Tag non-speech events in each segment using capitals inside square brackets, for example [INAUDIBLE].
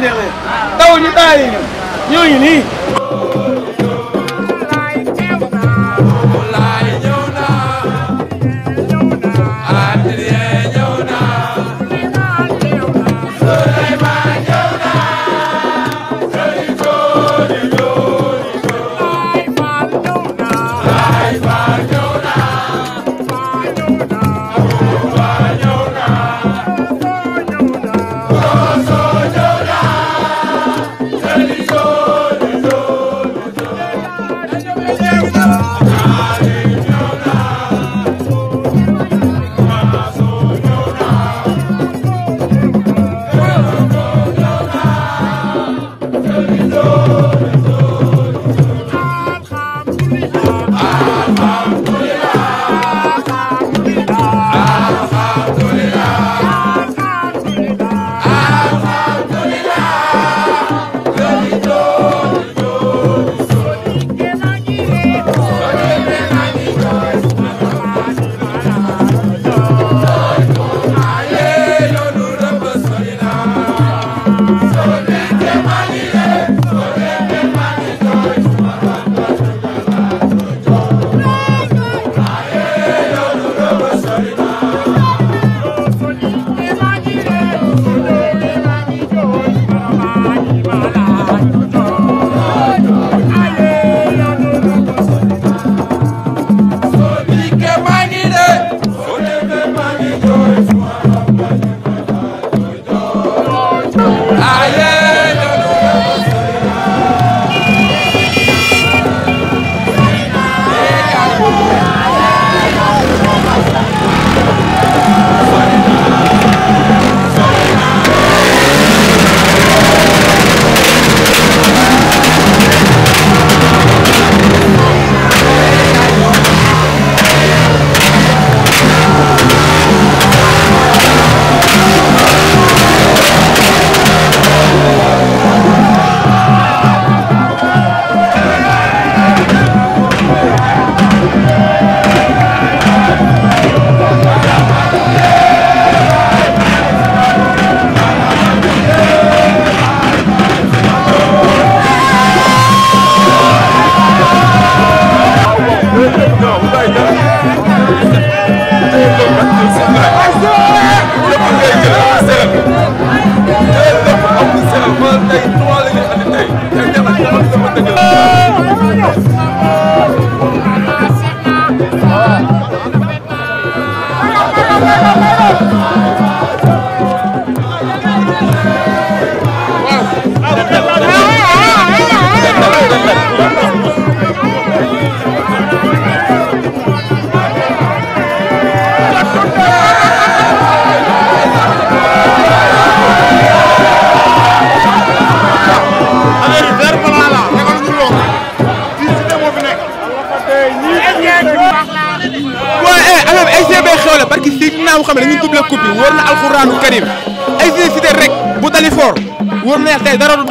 génnee leen taw ñu taay ñoo ngi nii Sénégal.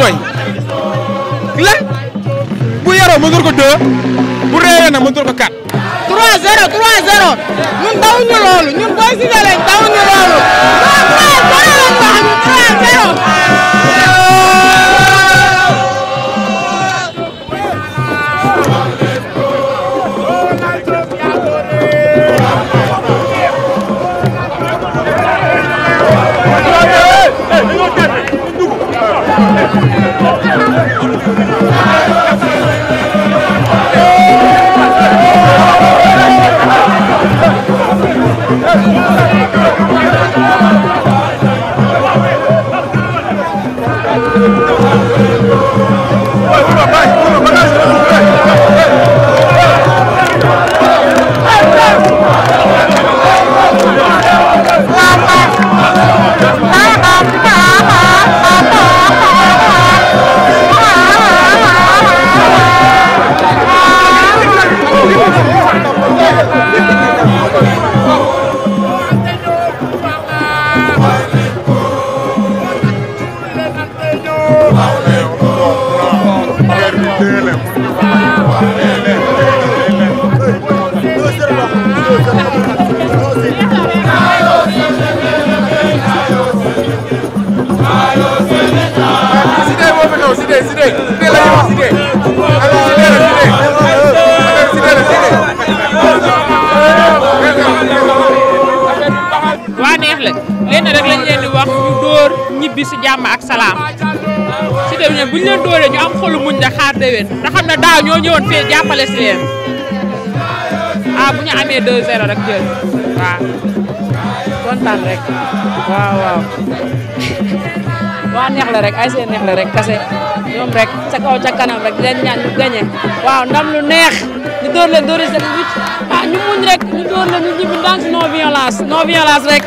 tooñ lan bu yaroo mën ko deux bu réewee nag mën ko quatre. 3-0 3-0 ñun dawuñu loolu ñun booy si ne lañ dawuñu loolu. Gracias. ñëwoon fii jàppale si leen ah bu ñu amee 2-0 rek jël waaw kontaan rek waaw waaw. waa neex rek ay seen neex la rek kase ñu muñ rek ñu door leen ñu ñibbi ndànk non violence non violence rek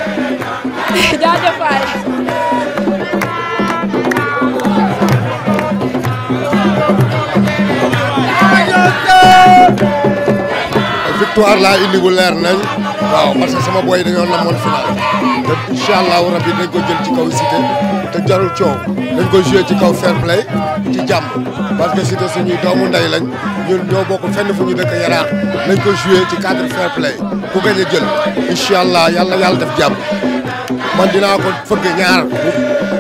[LAUGHS] jaajëf waay. victoire laa indi bu leer nañ waaw parce que sama boy dañoo namoon final te incha allahu rabi dañ ko jël ci kaw Cité te jarul coow dañ ko joué ci kaw fair play ci jàmm parce que Cité suñuy doomu ndey lañ ñun doo bokk fenn fu ñu dëkk yaraax dañ ko joué ci cadre fair play ku gañ jël incha allah yàlla yàlla def jàmm man dinaa ko fëgg ñaar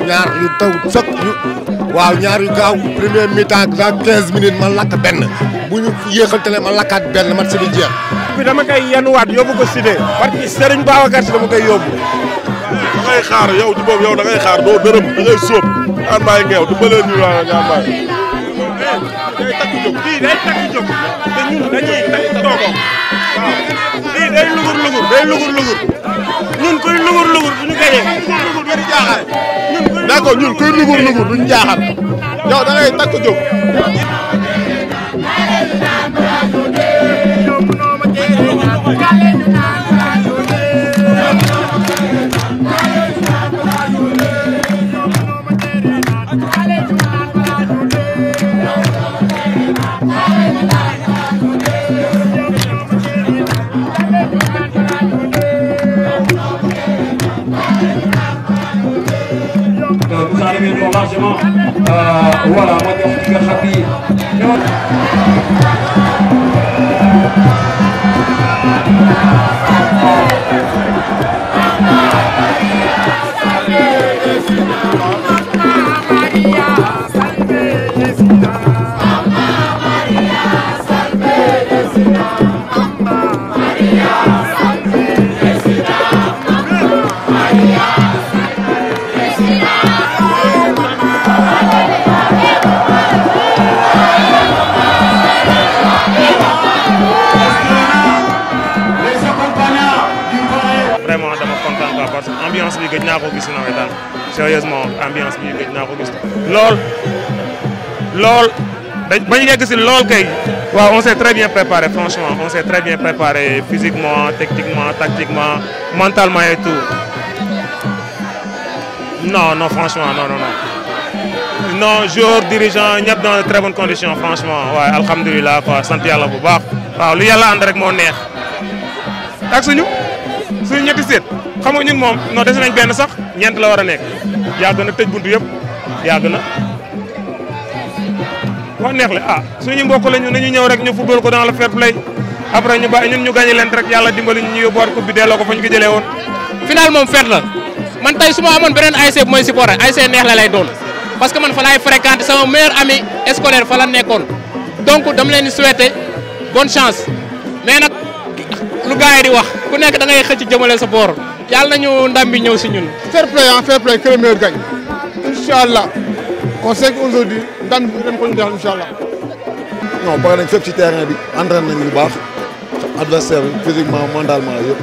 ñaar yu taw sëkk ñu waaw ñaar yu gaaw premier mi-temps dans 15 minutes ma lakk benn bu ñu yéexaltale ma lakkaat benn mat si bi jeex. bi dama koy yanuwaat yóbbu ko Cité. parce que a Babacar si dama koy yóbbu. da xaar yow ci boobu yow da xaar doo dërëm da sóob. daan bàyyi ngeew du bële ñu waaw eh, day takk jóg kii day takk jóg te dañuy takk toogo waaw kii day lugur lugur day lugur lugur. ñun kuy lugur lugur duñu gañe d'accord ñun kuy lugur lugur duñu jaaxal yow da ngay takk jóg Galena largement euh, voilà ma jox ki nga xam ni ñoo sérieusement ambiance bi ko gis on s'est très bien préparé franchement on s'est très bien préparé physiquement techniquement tactiquement mentalement et tout non non franchement non non non non joueur dirigeant ñëpp dans de très bonnes conditions franchement waaye alhamdoulillah quoi sant yalla bu baax waaw lu yalla and rek mo neex ak suñu suñu ñetti set xam ñun moom non nañ sax la yàgg na tëj buntu yeb yàgg ko neex la ah suñu mbokk lañu nañu ñew rek ñu football ko dans le fair play après ñu ba ñun ñu gagné leen rek yalla dimbali ñu yóbbuwaat coupe bi délo ko fa ñu ko jëlee woon. final mom fait la man tay suma amone benen beneen moy bu ic neex la lay doon parce que man fa lay fréquenté sama meilleur ami scolaire fa la nekkoon donc dam leen di souhaiter bonne chance mais nak lu gaay di wax ku nekk da ngay xëc jëmale sa boor. Yalla nañu ndam bi ñëw ci ñun. fair play en ah, fair play que le meilleur gagne inshallah on sait qu'aujourd'hui ndam bi dañ ko ñu def inshallah non pare nañ fépp ci terrain bi entraîné nañ bu baax adversaire physiquement mentalement yépp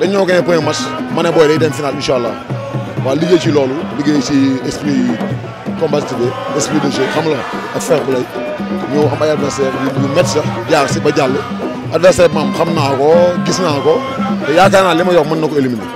dañ ñoo gagné premier match mané boy booy day dem final inshallah wa waaw liggéey ci lolu liggéey ci esprit combatif esprit de jeu xam la fair play ñëw am ay adversaire yu métti sax jaar si ba jall adversaire bi moom xam naa ko gis naa ko te yaakaar naa li ma yor mën na ko éliminer.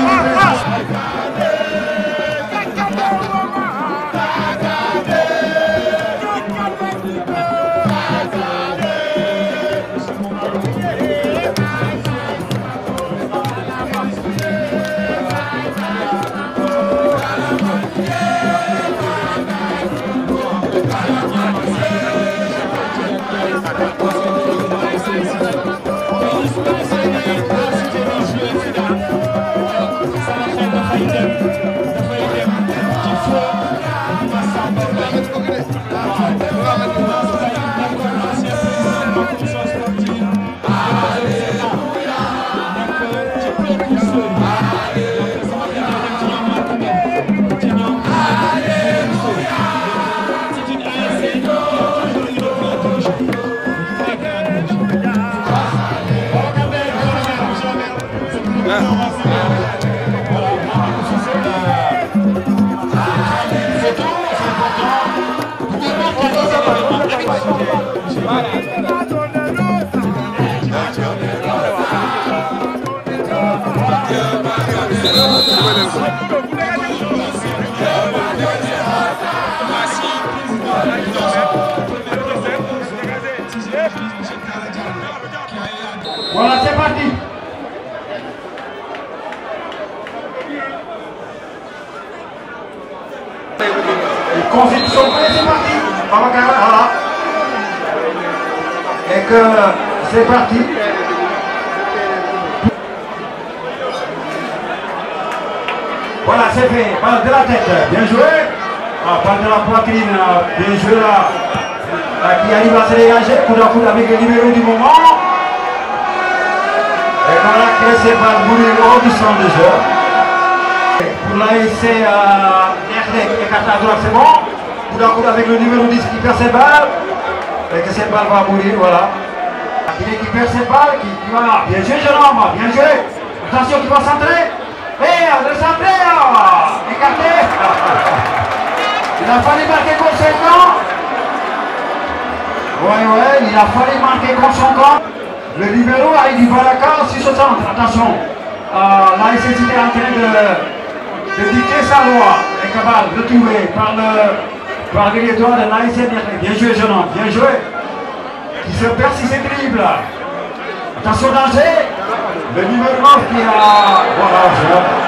up, up, up. Voilà, c'est parti. Constitution, c'est parti. Voilà. Et que c'est parti. Voilà, c'est fait. Balle de la tête. Bien joué. Ah, de la poitrine. Bien joué là. Ah, qui arrive à se dégager. Coup d'un coup avec le numéro du moment. Et voilà, que c'est par numéro du centre de jeu. Pour l'ASC Erdek euh, et droite, c'est bon. Coup d'un coup avec le numéro 10 qui perd ses balles. Et que cette balle va mourir, voilà. Il est qui perd ses balles, qui, va. Bien joué, jeune homme. Bien joué. Attention, qui va centrer de Il a fallu marquer contre son camp Ouais, ouais, il a fallu marquer contre son camp. Le numéro a du Balaka, 6 au centre, attention. Euh, la est en train de, de sa loi. Est capable de tuer par le par les doigts de la Bien joué, jeune homme, bien joué. Qui se perd si c'est terrible Attention danger. Le numéro qui a... Voilà, je...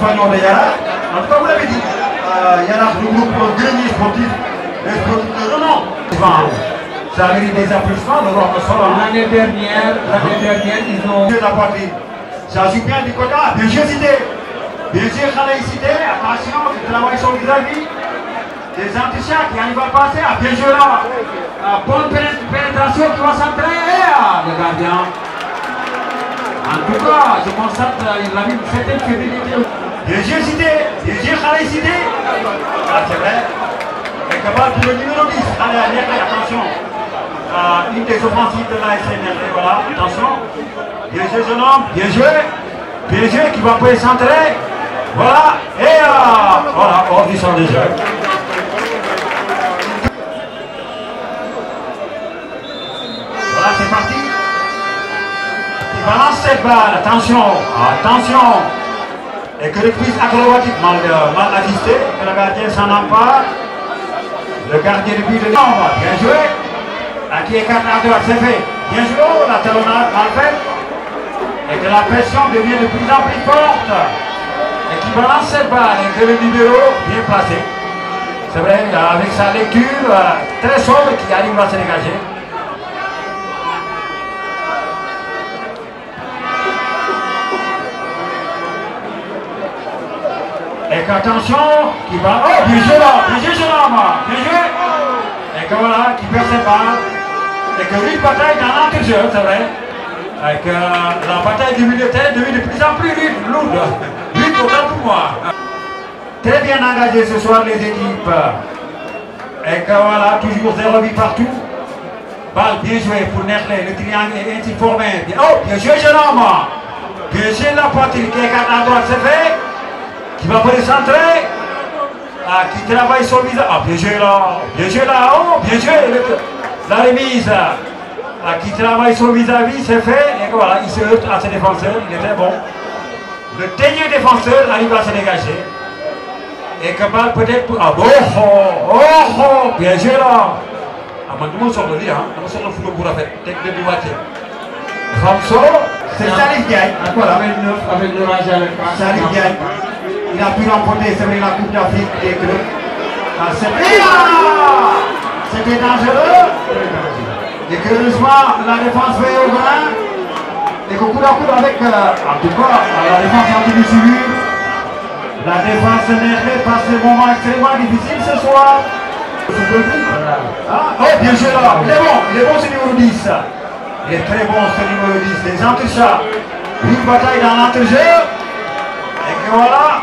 Fagnon de Yara. En tout cas, vous l'avez dit, euh, Yara regroupe le dernier sportif, les producteurs de nom. Ça mérite des applaudissements, le roi de hein. L'année dernière, l'année ah. dernière, ils ont. la partie. Ça joue bien du quota, bien sûr cité. Bien sûr, Khalei cité, attention, le travail sur vis-à-vis. Des antichats qui arrivent à passer, à ah, bien joué là. Ah, bonne pénétration qui va s'entraîner, le gardien. En tout cas, je constate, euh, il a une certaine fébrilité. Bien yeux cités, les yeux Khalid cités. Ah, c'est vrai. Et capable le numéro 10. Allez, allez, attention. Ah, une des offensives de la SNR. Voilà, attention. Bien joué, jeune homme. Bien joué. Bien joué, qui va pouvoir s'entrer. Voilà. Et euh, voilà, hors du champ des Voilà, c'est parti. Il balance cette balle. Attention. Attention. Et que reprise acrobatique mal, euh, mal assistée, que le gardien s'en empare. Le gardien de but de bien joué. à qui écarte à droite, c'est fait. Bien joué, oh, la talonnade mal faite. Et que la pression devient de plus en plus forte. Et qui balance cette balle et que le numéro bien placé. C'est vrai, avec sa lecture euh, très sombre qui arrive à se dégager. Et qu'attention, qui va. Oh, bien joué là, bien joué Jérôme, bien joué. Et que voilà, qui perd ses balles. Et que lui, bataille dans l'entre-jeu, c'est vrai. Et que la bataille du milieu de terrain devient de plus en plus lourde. au autant pour moi. Très bien engagé ce soir les équipes. Et que voilà, toujours 0 8 partout. Balle bien jouée pour Nerley, le triangle est ainsi formé. Oh, bien joué Jérôme. Bien joué la poitrine qui est à droite, c'est fait. Il va pour les centrer. Ah, qui travaille sur le visage. Ah, bien joué là. Bien joué là. Oh, bien joué. La remise. Ah, qui travaille sur vis-à-vis, c'est fait. Et voilà, il se heurte à ses défenseurs. Il est très bon. Le dernier défenseur arrive à se dégager. Et que balle peut-être pour. Ah, bon. Oh, oh, oh. Bien joué là. Ah, maintenant, on mais nous sommes là. Nous sommes là pour la fête. Tech de Douaté. François C'est Salif Gaï. Ah, voilà. Avec neuf, avec 9 avec Salif Gaï. Il a pu remporter la Coupe d'Afrique des clubs. Ah, C'était dangereux. Et que le soir, la défense va au grain. Et qu'au coup d'un coup avec, euh, en tout cas, la défense a dû La défense n'est pas ce moment extrêmement difficile ce soir. Ah, oh, bien sûr, là. Il est bon, il est bon ce numéro 10. Il est très bon ce numéro 10. Les antichats. Une bataille dans l'entrejeu. Et que voilà,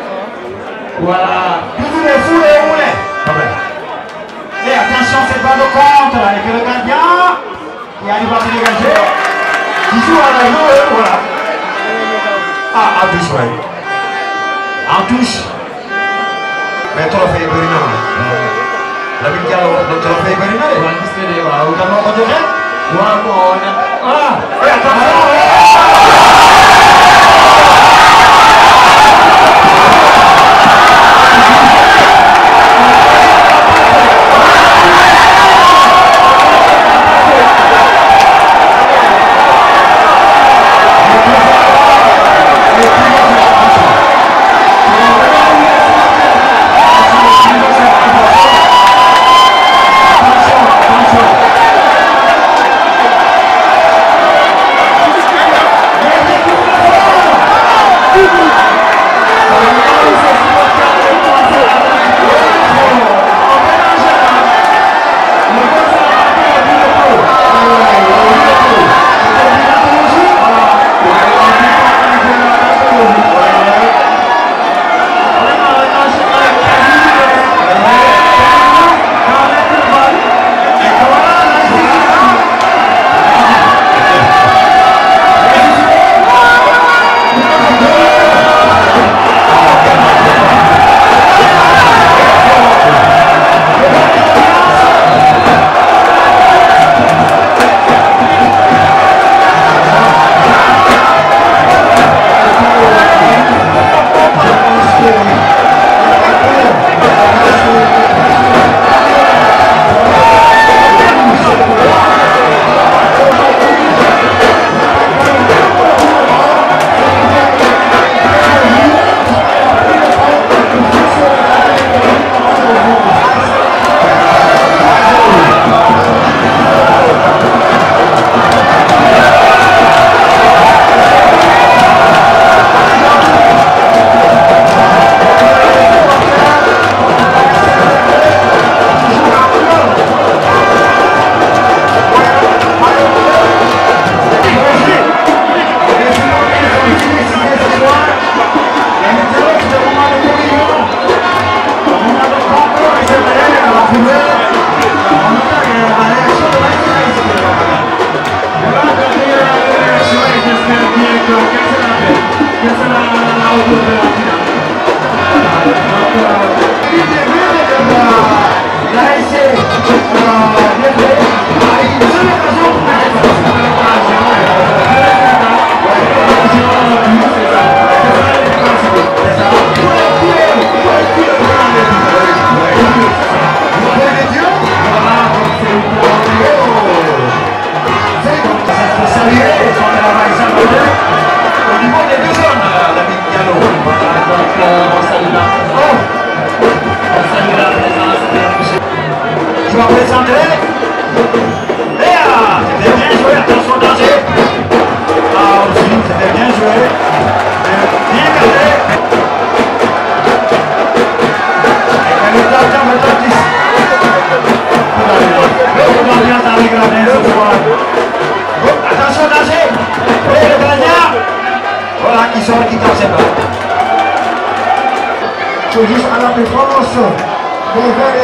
Voilà. voulez, vous les ouais ah ben. Et attention, c'est pas de compte. Et le gardien, il arrive à se dégager. joue à la joue, hein, voilà. Ah, à touche, ouais. En touche. Mais La ville qui a Voilà, de Voilà, Et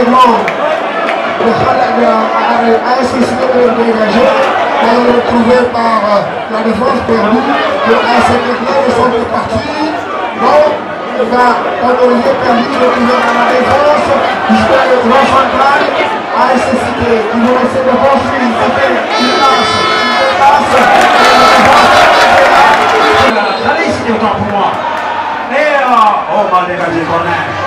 éléments de a ainsi de le dégager mais et retrouvé par euh, la défense perdue que à cette éclair sont partis. Donc, il va favoriser perdu retrouvé par la défense jusqu'à le grand central. a Cité il nous laisse de bon fil, ça fait une passe, une passe, et la défense. Allez, c'est autant pour moi. Et euh, oh, on va dégager Corneille.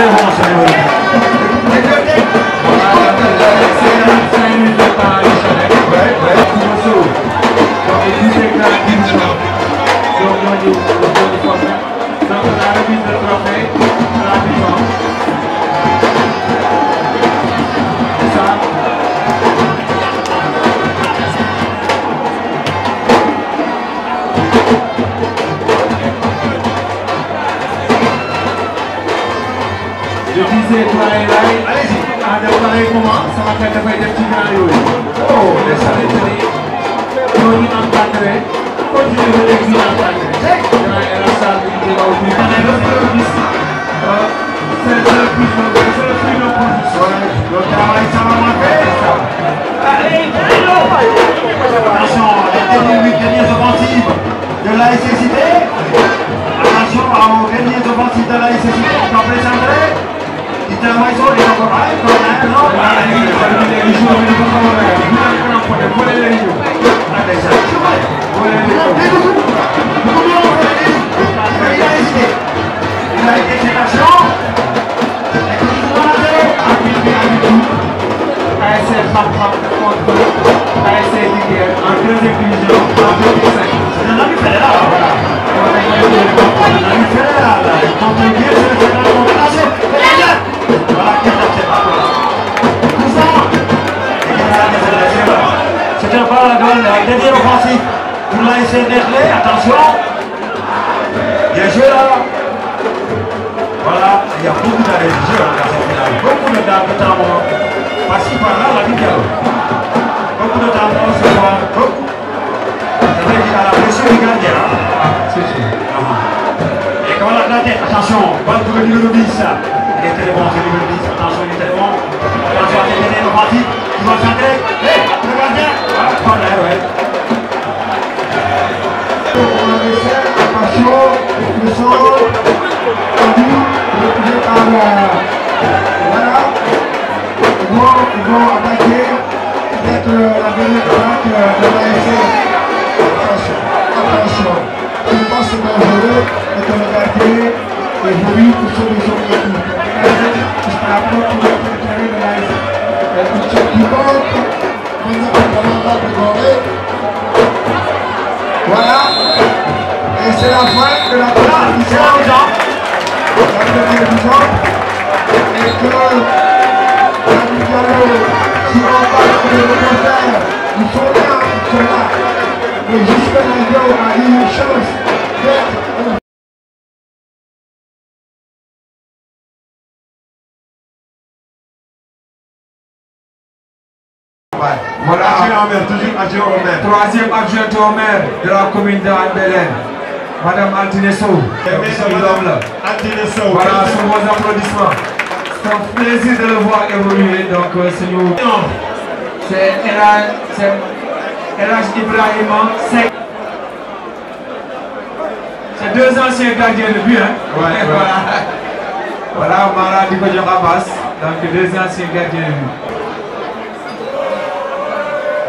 非常好。Voilà. Adjoint au maire, toujours adjoint au Troisième adjoint au maire de la commune de Andelène. Madame Altine Sow. Voilà, sur vos applaudissements. C'est un plaisir de le voir évoluer. Donc, euh, c'est nous. C'est Elhaj Ibrahim. C'est deux anciens gardiens de but. Hein? Ouais, [LAUGHS] ouais. voilà. voilà, Mara Diko Donc, deux anciens gardiens de but.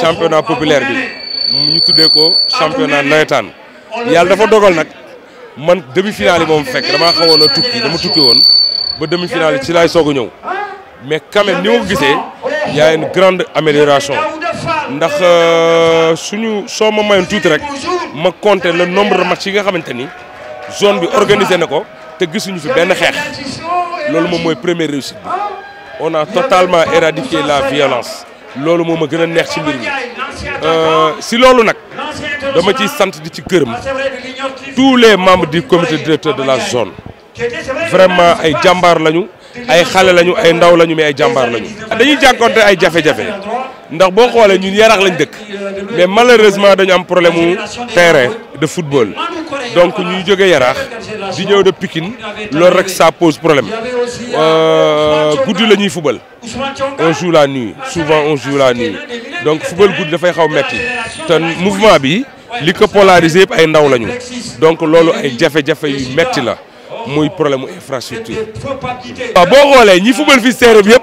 championnat populaire bi ñu tuddé ko championnat naytan yalla dafa dogal nak man demi finale mom moom fekk damaa xawoon tukki dama tukki won ba demi finale ci lay soog ñew mais quand même ni ma ko y a une grande amélioration ndax euh, suñu soo ma mayoon tuuti rek ma compter le nombre de matchs yi nga xamante zone bi organisé na ko te gissuñu fi ben xeex lolu mom moy première réussite on a totalement éradiqué la violence loolu moom ma gën a neex ci mbir mi euh, si loolu nag dama ciy sant di ci gërëm tous les membres du comité directeur de la zone vraiment ay jàmbaar lañu ay xale lañu ay ndaw lañu mais ay jàmbaar lañu. dañuy jànkoonte ay jafe-jafe ndax bo xolé ñun yarax lañ dëkk mais malheureusement dañu am problème terrain de football donc ñuy joggé yarax di ñëw de Pikine lool rek ça pose problème euh la lañuy football, on joue la nuit souvent on joue la nuit donc football fubal da fay xaw metti te mouvement bi li ko polariser ay ndaw lañu donc loolu ay jafé jafé yu metti la muy problème infrastructure. bo xolé ñi football fi terrain yépp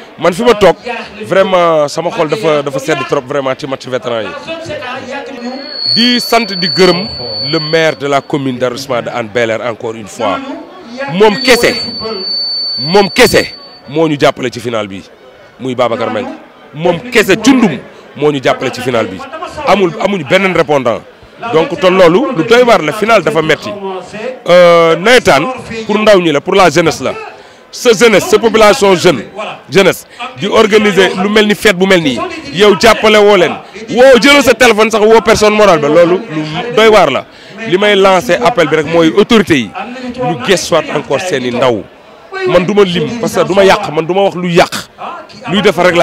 man fi ma tok vraiment sama xol dafa dafa trop vraiment ci match vétéran yi di le maire de la commune d'arrondissement de Hann encore une fois mom final bi muy tundum, final bi amul amuñu répondant donc tout la final dafa metti euh, pour la pour la jeunesse jeunes, jeunesse cette population jeune jeunesse di organiser lu fête bu Il y yow appelé Nous sa téléphone sax personne morale ba doy la appel bi rek autorité yi ñu encore ces Nous ndaw lim parce que du ma man du wax luy que luy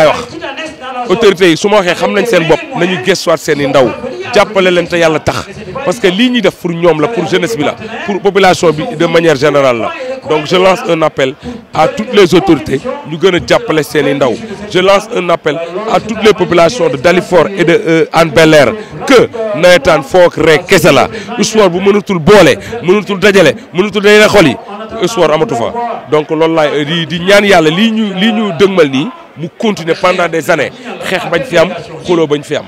autorité yi su xam nañ seen bopp nañu gëstuwaat nous ndaw parce que lii def pour la pour jeunesse la pour population de manière générale donc je lance un appel à toutes les autorités ñu gën a jàppale seeni ndaw je lance un appel à toutes les populations de Dalifort et de euh, Hann que nawetaan foog rek kese la sport bu mënatul boole mënatul dajale mënatul dajale xol yi sport amatu fa donc l'on laay euh, di di ñaan yàlla lii ñu lii ñu dëgmal nii mu pendant des années xeex bañ fi am xuloo bañ fi am.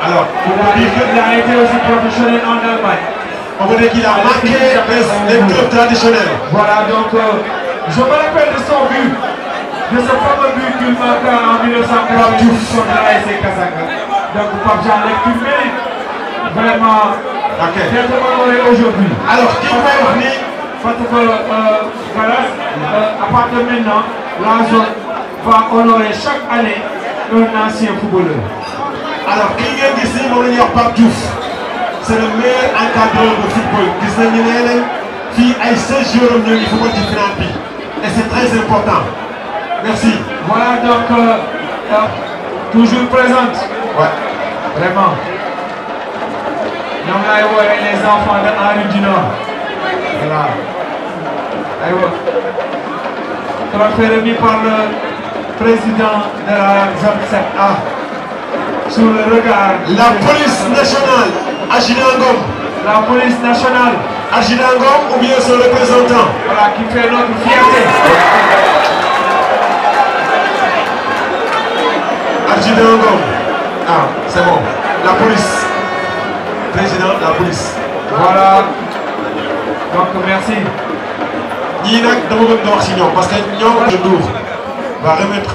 Alors, on va dire que la été aussi professionnel en Allemagne. On voudrait qu'il a marqué les, les, clubs traditionnels. Voilà, donc euh, je me rappelle de son but, de ce fameux but qu'il marqua en 1940 contre la SC Donc, Pape Jean tué vraiment, okay. bien honoré aujourd'hui. Alors, qui va venir Parce que, euh, euh, à partir de maintenant, la zone va honorer chaque année un ancien footballeur. Alors, qui vient d'ici, mon Pape Diouf c'est le meilleur encadreur de football qui nañu qui a fii ay 16 jours am ñoo de thérapie. et c'est très important merci. voilà donc euh, euh, toujours présente. Ouais. vraiment. on a les enfants de Henri du Nord. voilà. aywa. trophée remis par le président de la zone 7A. sous le regard. la police nationale. Agile Angom. La police nationale. Agile Angom ou bien son représentant. Voilà, qui fait notre fierté. Agile Angom. Ah, c'est bon. La police. Président de la police. Voilà. Donc, merci. de nak, parce que va remettre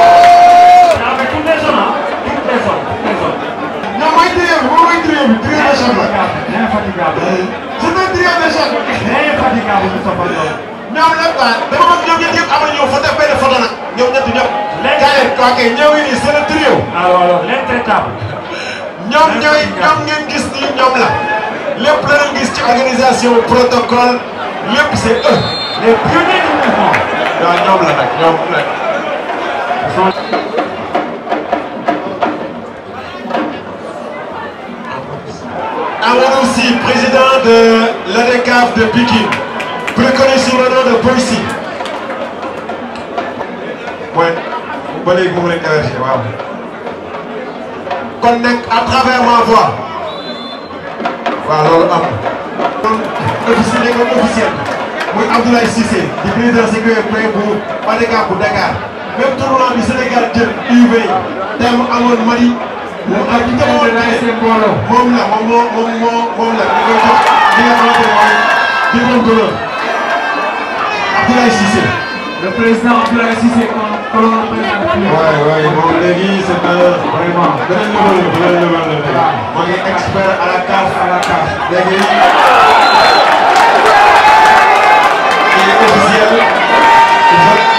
au protocole c'est eux les pionniers du mouvement Noble, ñoom président de l'ADECAF de Pékin, plus le nom de Ouais, vous Connect à travers ma voix. Voilà, non officiel muy Abdoulaye Cissé di président CQFP bu Badeka bu Dakar même tournoi bi Sénégal jël UV tey mu amoon Mali. mu am ci tawoon tey moom la moom moo moom moo moom la da koy jox li nga xamante ne mooy diplôme d'honneur Abdoulaye Cissé. le président Abdoulaye Cissé kon kon. waay waay moom léegi c'est vraiment. beneen niveau la beneen niveau la léegi. moo ngi expert à la CAF à la CAF léegi. artificielle.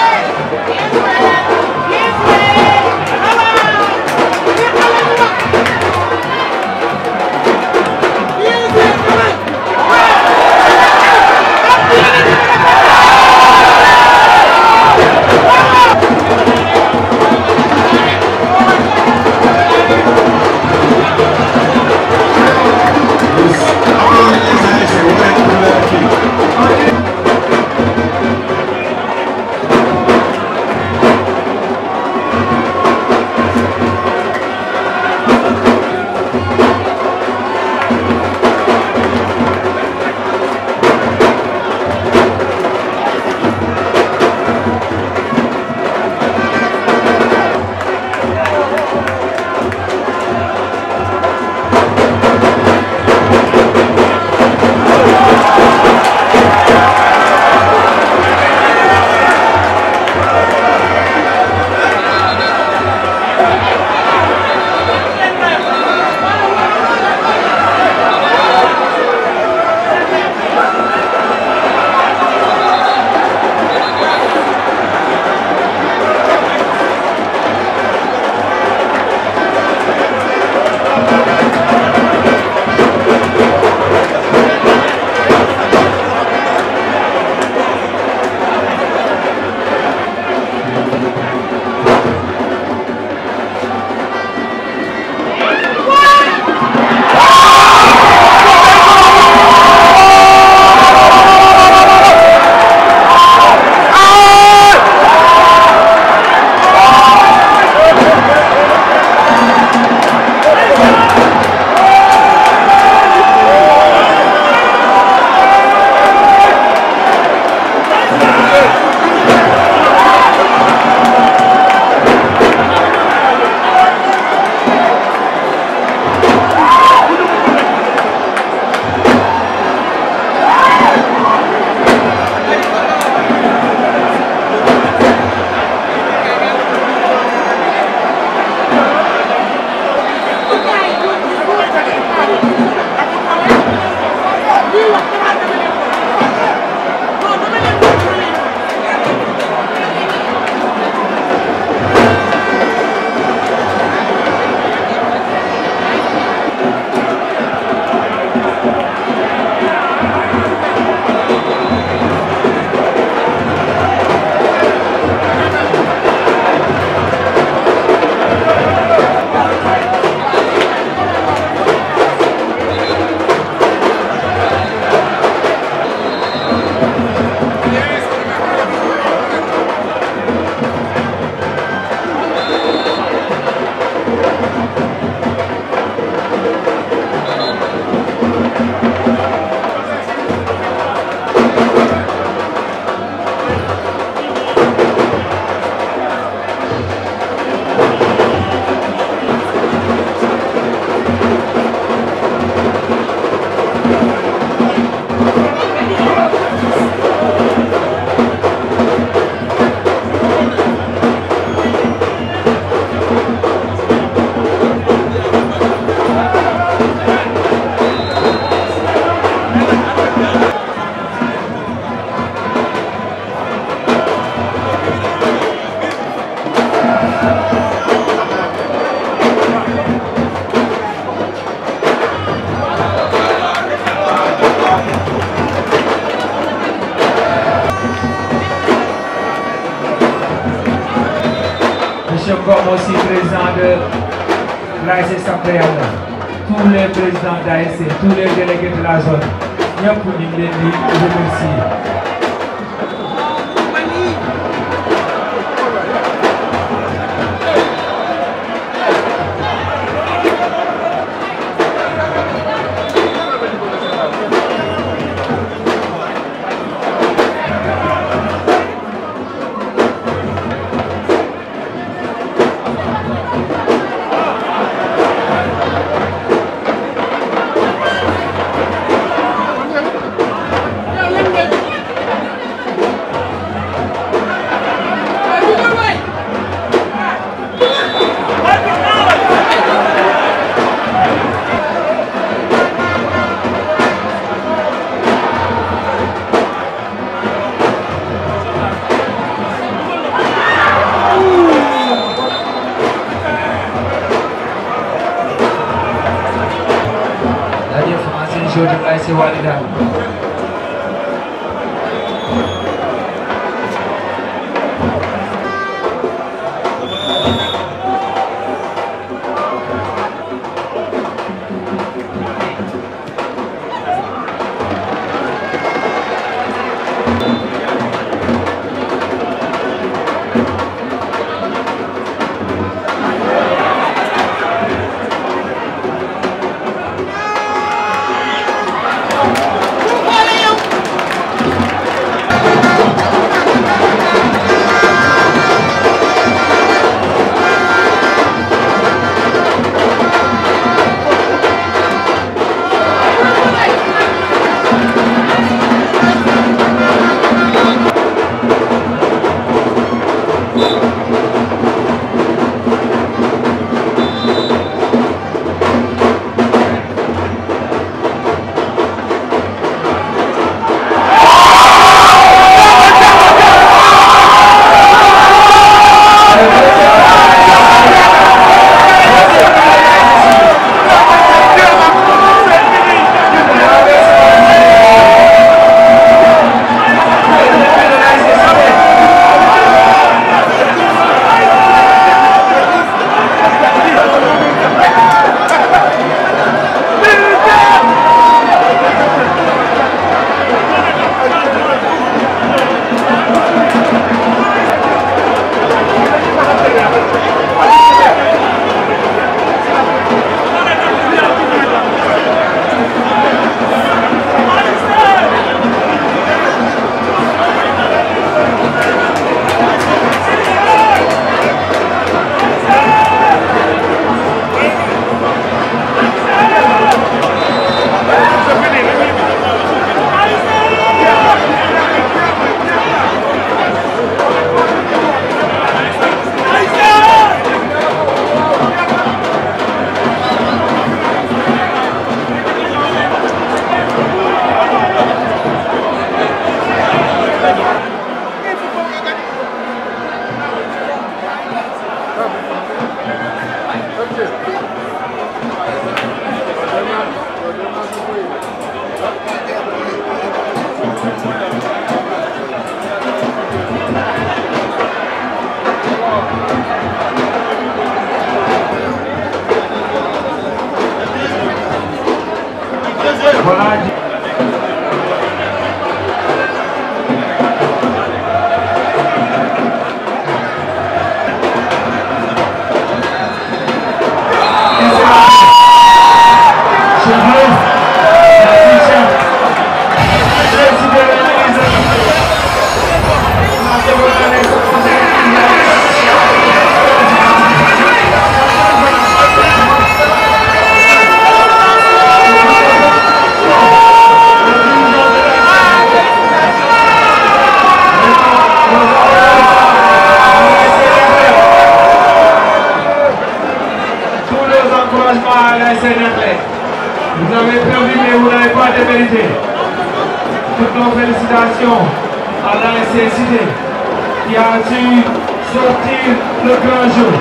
le grand jour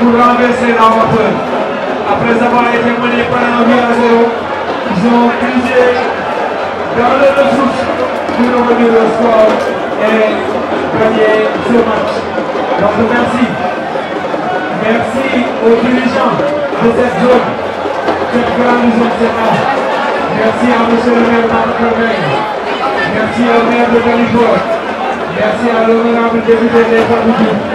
pour renverser la vapeur. Après avoir été mené par un 8 à zéro, ils ont puisé dans le ressource pour revenir le soir et gagner ce match. Donc merci. Merci aux dirigeants de cette zone, cette grande ce Sénat. Merci à M. le maire Marc Merci au maire de Galiport. Merci à l'honorable député de l'État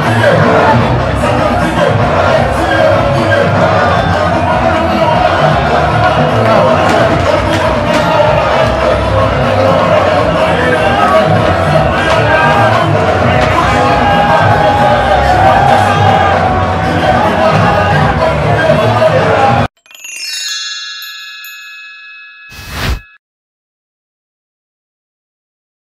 Yeah. [LAUGHS]